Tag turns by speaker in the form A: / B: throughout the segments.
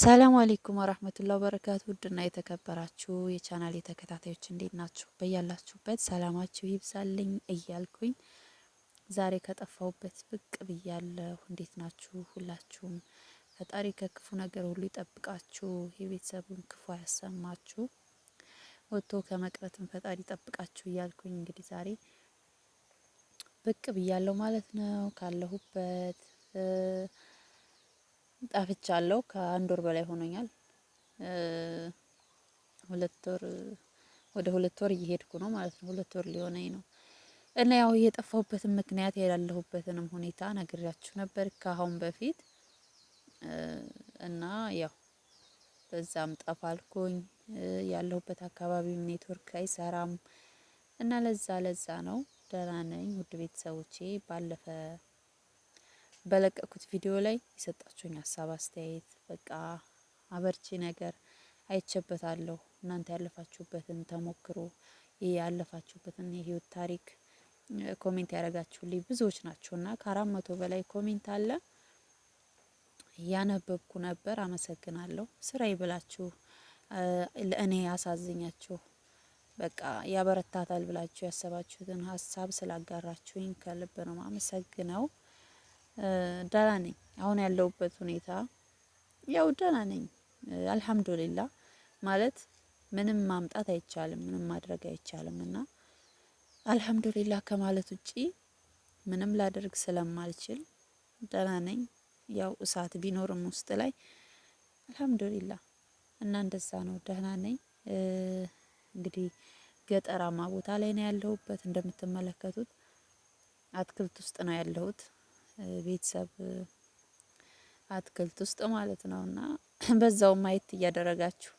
A: ሰላም አሌይኩም ወራህመቱላ በረካቱ ውድና የተከበራችሁ የቻናል የተከታታዮች እንዴት ናችሁ? በያላችሁበት ሰላማችሁ ይብዛልኝ እያልኩኝ ዛሬ ከጠፋሁበት ብቅ ብያለሁ። እንዴት ናችሁ? ሁላችሁም ፈጣሪ ከክፉ ነገር ሁሉ ይጠብቃችሁ፣ የቤተሰቡን ክፉ አያሰማችሁ፣ ወጥቶ ከመቅረትም ፈጣሪ ይጠብቃችሁ እያልኩኝ እንግዲህ ዛሬ ብቅ ብያለሁ ማለት ነው ካለሁበት ጠፍቻለሁ። ከአንድ ወር በላይ ሆኖኛል። ሁለት ወር ወደ ሁለት ወር እየሄድኩ ነው ማለት ነው። ሁለት ወር ሊሆነኝ ነው እና ያው የጠፋሁበትን ምክንያት ያለሁበትንም ሁኔታ ነግሬያችሁ ነበር ከአሁን በፊት እና ያው በዛም ጠፋልኩኝ ያለሁበት አካባቢም ኔትወርክ አይሰራም እና ለዛ ለዛ ነው። ደህና ነኝ ውድ ቤተሰቦቼ ባለፈ በለቀኩት ቪዲዮ ላይ የሰጣችሁኝ ሀሳብ አስተያየት፣ በቃ አበርቺ ነገር አይቼበታለሁ። እናንተ ያለፋችሁበትን ተሞክሮ ያለፋችሁበትን የህይወት ታሪክ ኮሜንት ያደረጋችሁልኝ ብዙዎች ናችሁና ከአራት መቶ በላይ ኮሜንት አለ እያነበብኩ ነበር። አመሰግናለሁ። ስራ ይብላችሁ። ለእኔ ያሳዝኛችሁ በቃ ያበረታታል ብላችሁ ያሰባችሁትን ሀሳብ ስላጋራችሁኝ ከልብ ነው አመሰግነው። ደህና ነኝ። አሁን ያለሁበት ሁኔታ ያው ደህና ነኝ፣ አልሐምዱሊላ ማለት ምንም ማምጣት አይቻልም፣ ምንም ማድረግ አይቻልም። እና አልሐምዱሊላ ከማለት ውጪ ምንም ላደርግ ስለማልችል ደህና ነኝ። ያው እሳት ቢኖርም ውስጥ ላይ አልሐምዱሊላ እና እንደዛ ነው፣ ደህና ነኝ። እንግዲህ ገጠራማ ቦታ ላይ ነው ያለሁበት። እንደምትመለከቱት አትክልት ውስጥ ነው ያለሁት። ቤተሰብ አትክልት ውስጥ ማለት ነውና በዛው ማየት እያደረጋችሁ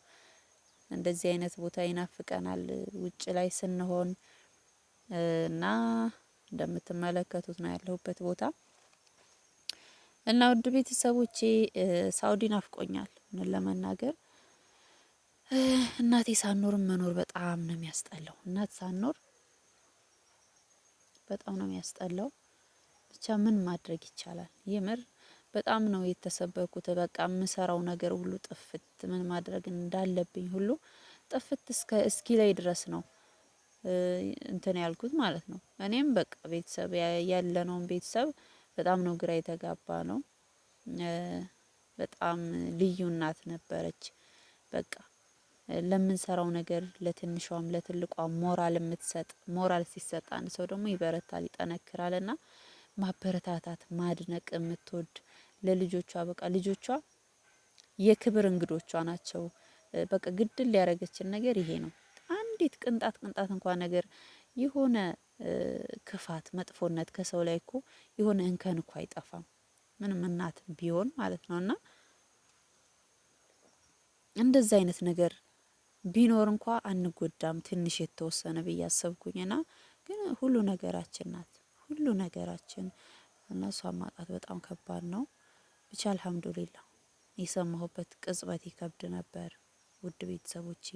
A: እንደዚህ አይነት ቦታ ይናፍቀናል ውጭ ላይ ስንሆን እና እንደምትመለከቱት ነው ያለሁበት ቦታ እና ውድ ቤተሰቦቼ ሳውዲ ናፍቆኛል ምን ለመናገር እናቴ ሳኖር መኖር በጣም ነው የሚያስጠላው እናት ሳኖር በጣም ነው የሚያስጠላው ብቻ ምን ማድረግ ይቻላል? የምር በጣም ነው የተሰበርኩት። በቃ የምሰራው ነገር ሁሉ ጥፍት ምን ማድረግ እንዳለብኝ ሁሉ ጥፍት እስከ እስኪ ላይ ድረስ ነው እንትን ያልኩት ማለት ነው። እኔም በቃ ቤተሰብ ያለነውን ቤተሰብ በጣም ነው ግራ የተጋባ ነው። በጣም ልዩ እናት ነበረች። በቃ ለምንሰራው ነገር ለትንሿም ለትልቋም ሞራል የምትሰጥ ሞራል ሲሰጣን አንድ ሰው ደግሞ ይበረታል፣ ይጠነክራል ና ማበረታታት፣ ማድነቅ የምትወድ ለልጆቿ በቃ ልጆቿ የክብር እንግዶቿ ናቸው። በቃ ግድል ሊያደረገችን ነገር ይሄ ነው። አንዲት ቅንጣት ቅንጣት እንኳ ነገር የሆነ ክፋት፣ መጥፎነት ከሰው ላይ እኮ የሆነ እንከን እኳ አይጠፋም። ምንም እናት ቢሆን ማለት ነው እና እንደዛ አይነት ነገር ቢኖር እንኳ አንጎዳም። ትንሽ የተወሰነ ብዬ አሰብኩኝና ግን ሁሉ ነገራችን ናት። ሁሉ ነገራችን እና እሷን ማጣት በጣም ከባድ ነው። ብቻ አልሐምዱሊላ የሰማሁበት ቅጽበት ይከብድ ነበር። ውድ ቤተሰቦቼ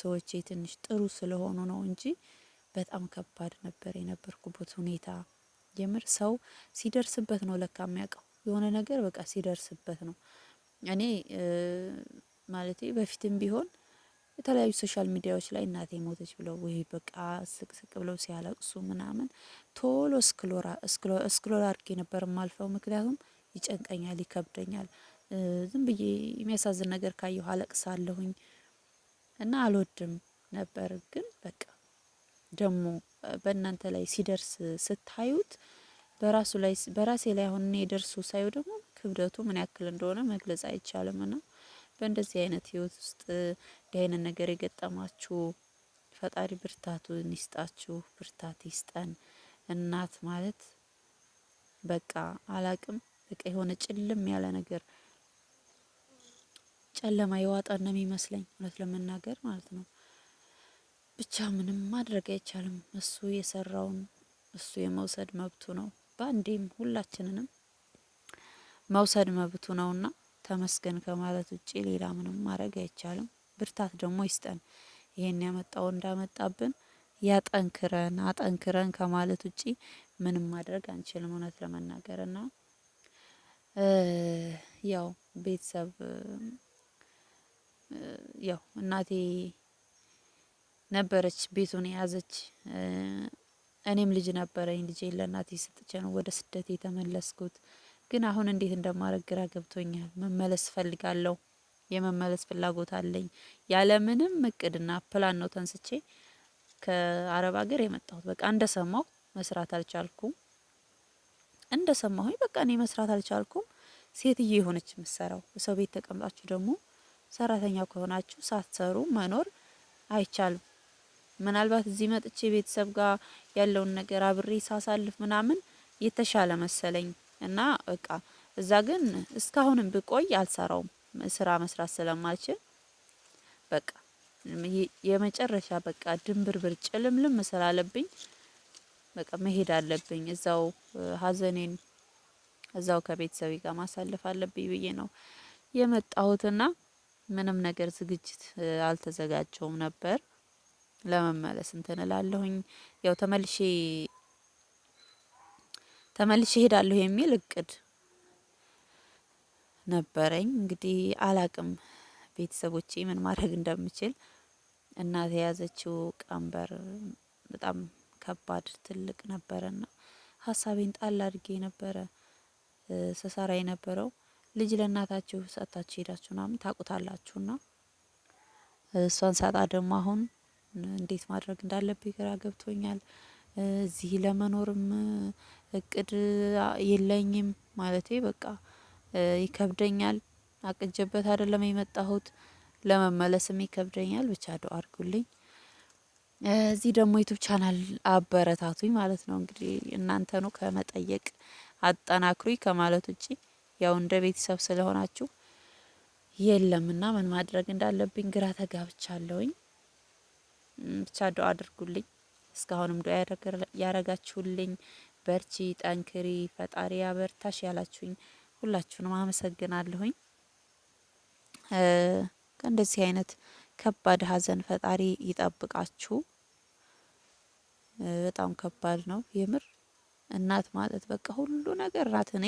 A: ሰዎች ትንሽ ጥሩ ስለሆኑ ነው እንጂ በጣም ከባድ ነበር የነበርኩበት ሁኔታ። የምር ሰው ሲደርስበት ነው ለካ የሚያውቀው የሆነ ነገር በቃ ሲደርስበት ነው። እኔ ማለቴ በፊትም ቢሆን የተለያዩ ሶሻል ሚዲያዎች ላይ እናቴ ሞተች ብለው ወይ በቃ ስቅስቅ ብለው ሲያለቅሱ ምናምን ቶሎ እስክሎር አድርጌ ነበር ማልፈው። ምክንያቱም ይጨንቀኛል፣ ይከብደኛል። ዝም ብዬ የሚያሳዝን ነገር ካየሁ አለቅሳለሁኝ እና አልወድም ነበር። ግን በቃ ደግሞ በእናንተ ላይ ሲደርስ ስታዩት በራሱ ላይ በራሴ ላይ አሁን እኔ የደርሱ ሳዩ ደግሞ ክብደቱ ምን ያክል እንደሆነ መግለጽ አይቻልም። ና በእንደዚህ አይነት ህይወት ውስጥ የአይነት ነገር የገጠማችሁ ፈጣሪ ብርታቱን ይስጣችሁ፣ ብርታት ይስጠን። እናት ማለት በቃ አላቅም፣ በቃ የሆነ ጭልም ያለ ነገር ጨለማ የዋጠን ነው የሚመስለኝ እውነት ለመናገር ማለት ነው። ብቻ ምንም ማድረግ አይቻልም። እሱ የሰራውን እሱ የመውሰድ መብቱ ነው። በአንዴም ሁላችንንም መውሰድ መብቱ ነውና ተመስገን ከማለት ውጭ ሌላ ምንም ማድረግ አይቻልም። ብርታት ደግሞ ይስጠን። ይሄን ያመጣው እንዳመጣብን ያጠንክረን አጠንክረን ከማለት ውጪ ምንም ማድረግ አንችልም፣ እውነት ለመናገር ያው ቤተሰብ ያው እናቴ ነበረች ቤቱን የያዘች። እኔም ልጅ ነበረኝ። ልጄ ለእናቴ ስጥቼ ነው ወደ ስደት የተመለስኩት። ግን አሁን እንዴት እንደማረግ ግራ ገብቶኛል። መመለስ እፈልጋለሁ። የመመለስ ፍላጎት አለኝ። ያለምንም እቅድና ፕላን ነው ተንስቼ ከአረብ ሀገር የመጣሁት። በቃ እንደሰማው መስራት አልቻልኩም። እንደሰማሁኝ በቃ እኔ መስራት አልቻልኩም። ሴትዬ የሆነች የምሰራው ሰው ቤት ተቀምጣችሁ ደግሞ ሰራተኛ ከሆናችሁ ሳትሰሩ መኖር አይቻልም። ምናልባት እዚህ መጥቼ ቤተሰብ ጋር ያለውን ነገር አብሬ ሳሳልፍ ምናምን የተሻለ መሰለኝ እና በቃ እዛ ግን እስካሁንም ብቆይ አልሰራውም። ስራ መስራት ስለማልችል በቃ የመጨረሻ በቃ ድንብርብር ጭልምልም ስላለብኝ በቃ መሄድ አለብኝ። እዛው ሀዘኔን እዛው ከቤተሰቤ ጋር ማሳለፍ አለብኝ ብዬ ነው የመጣሁትና ምንም ነገር ዝግጅት አልተዘጋጀውም ነበር። ለመመለስ እንትን እላለሁኝ ያው ተመልሼ ተመልሼ ሄዳለሁ የሚል እቅድ ነበረኝ። እንግዲህ አላቅም ቤተሰቦቼ ምን ማድረግ እንደምችል። እናት የያዘችው ቀንበር በጣም ከባድ ትልቅ ነበረና ሀሳቤን ጣል አድርጌ ነበረ ስሰራ የነበረው። ልጅ ለእናታችሁ ሰጥታችሁ ሄዳችሁ ምናምን ታቁታላችሁና እሷን ሳጣ ደግሞ አሁን እንዴት ማድረግ እንዳለብኝ ግራ ገብቶኛል። እዚህ ለመኖርም እቅድ የለኝም ማለቴ በቃ ይከብደኛል። አቅጀበት አይደለም የመጣሁት ለመመለስም ይከብደኛል። ብቻ ዶ አድርጉልኝ። እዚህ ደግሞ ዩቱብ ቻናል አበረታቱኝ ማለት ነው። እንግዲህ ነው ከመጠየቅ አጠናክሩኝ ከማለት ውጭ ያው እንደ ቤተሰብ ስለሆናችሁ የለምና ምን ማድረግ እንዳለብኝ ግራ ተጋብቻለሁኝ። ብቻ ዶ አድርጉልኝ። እስካሁንም ዶ ያረጋችሁልኝ፣ በርቺ፣ ጠንክሪ፣ ፈጣሪ ያበርታሽ ያላችሁኝ ሁላችሁንም አመሰግናለሁኝ። ከእንደዚህ አይነት ከባድ ሀዘን ፈጣሪ ይጠብቃችሁ። በጣም ከባድ ነው የምር እናት ማለት በቃ ሁሉ ነገር ናት። እኔ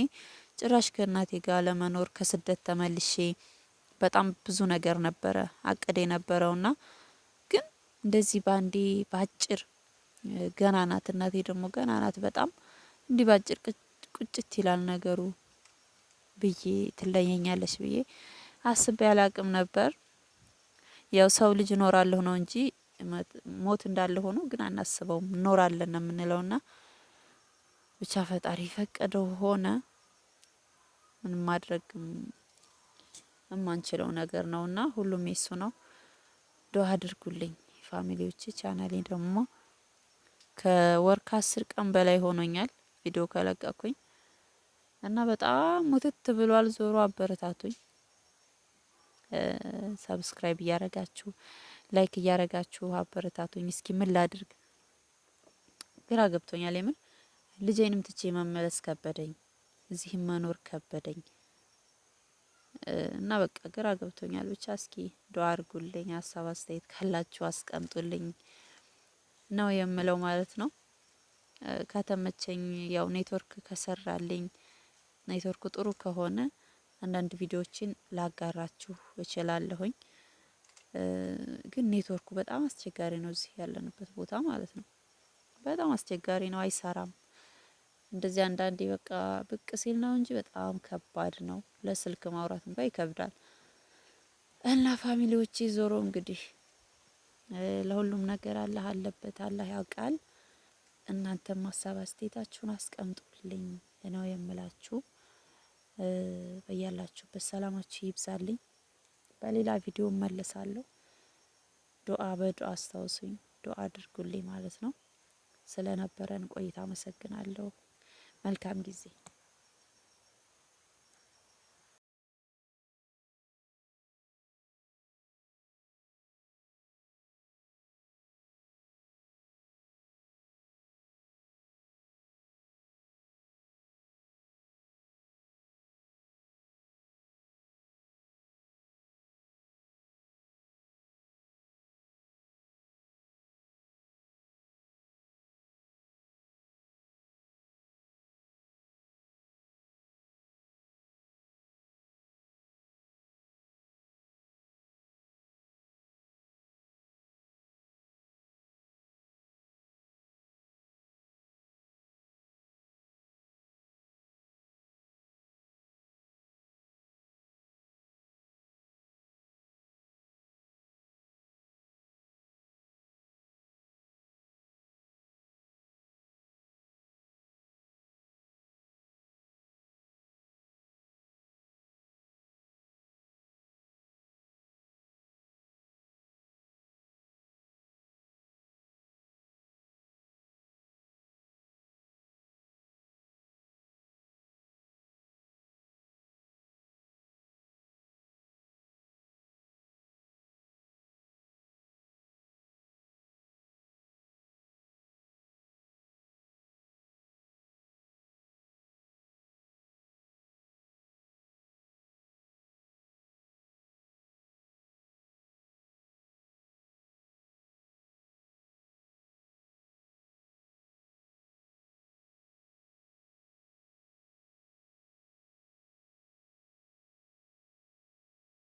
A: ጭራሽ ከእናቴ ጋር ለመኖር ከስደት ተመልሼ በጣም ብዙ ነገር ነበረ አቅድ የነበረውና ግን እንደዚህ በአንዴ በአጭር ገና ናት እናቴ ደግሞ ገና ናት። በጣም እንዲህ በአጭር ቁጭት ይላል ነገሩ። ብዬ ትለየኛለች ብዬ አስቤ አቅም ነበር። ያው ሰው ልጅ እኖራለሁ ነው እንጂ ሞት እንዳለ ሆኖ ግን አናስበውም፣ እኖራለን ነው የምንለውና ብቻ ፈጣሪ ፈቀደው ሆነ። ምንም ማድረግ የማንችለው ነገር ነውና ሁሉም የሱ ነው። ዱአ አድርጉልኝ ፋሚሊዎች። ቻናሌ ደግሞ ከወር ከአስር ቀን በላይ ሆኖኛል ቪዲዮ ከለቀኩኝ እና በጣም ሙትት ብሏል። ዞሮ አበረታቱኝ። ሰብስክራይብ እያረጋችሁ ላይክ እያረጋችሁ አበረታቱኝ። እስኪ ምን ላድርግ ግራ ገብቶኛል። የምን ልጄንም ትቼ መመለስ ከበደኝ፣ እዚህም መኖር ከበደኝ እና በቃ ግራ ገብቶኛል። ብቻ እስኪ ዱአ አድርጉልኝ። ሀሳብ አስተያየት ካላችሁ አስቀምጡልኝ ነው የምለው ማለት ነው። ከተመቸኝ ያው ኔትወርክ ከሰራልኝ ኔትወርኩ ጥሩ ከሆነ አንዳንድ ቪዲዮዎችን ላጋራችሁ እችላለሁኝ። ግን ኔትወርኩ በጣም አስቸጋሪ ነው፣ እዚህ ያለንበት ቦታ ማለት ነው። በጣም አስቸጋሪ ነው፣ አይሰራም። እንደዚህ አንዳንዴ በቃ ብቅ ሲል ነው እንጂ በጣም ከባድ ነው። ለስልክ ማውራት እንኳ ይከብዳል። እና ፋሚሊዎች ዞሮ እንግዲህ ለሁሉም ነገር አላህ አለበት፣ አላህ ያውቃል። እናንተም ሀሳብ አስተያየታችሁን አስቀምጡልኝ ነው የምላችሁ። በያላችሁበት ሰላማችሁ ይብዛልኝ። በሌላ ቪዲዮ እመለሳለሁ። ዱአ በዱአ አስታውሱኝ፣ ዱአ አድርጉልኝ ማለት ነው። ስለነበረን ቆይታ አመሰግናለሁ። መልካም ጊዜ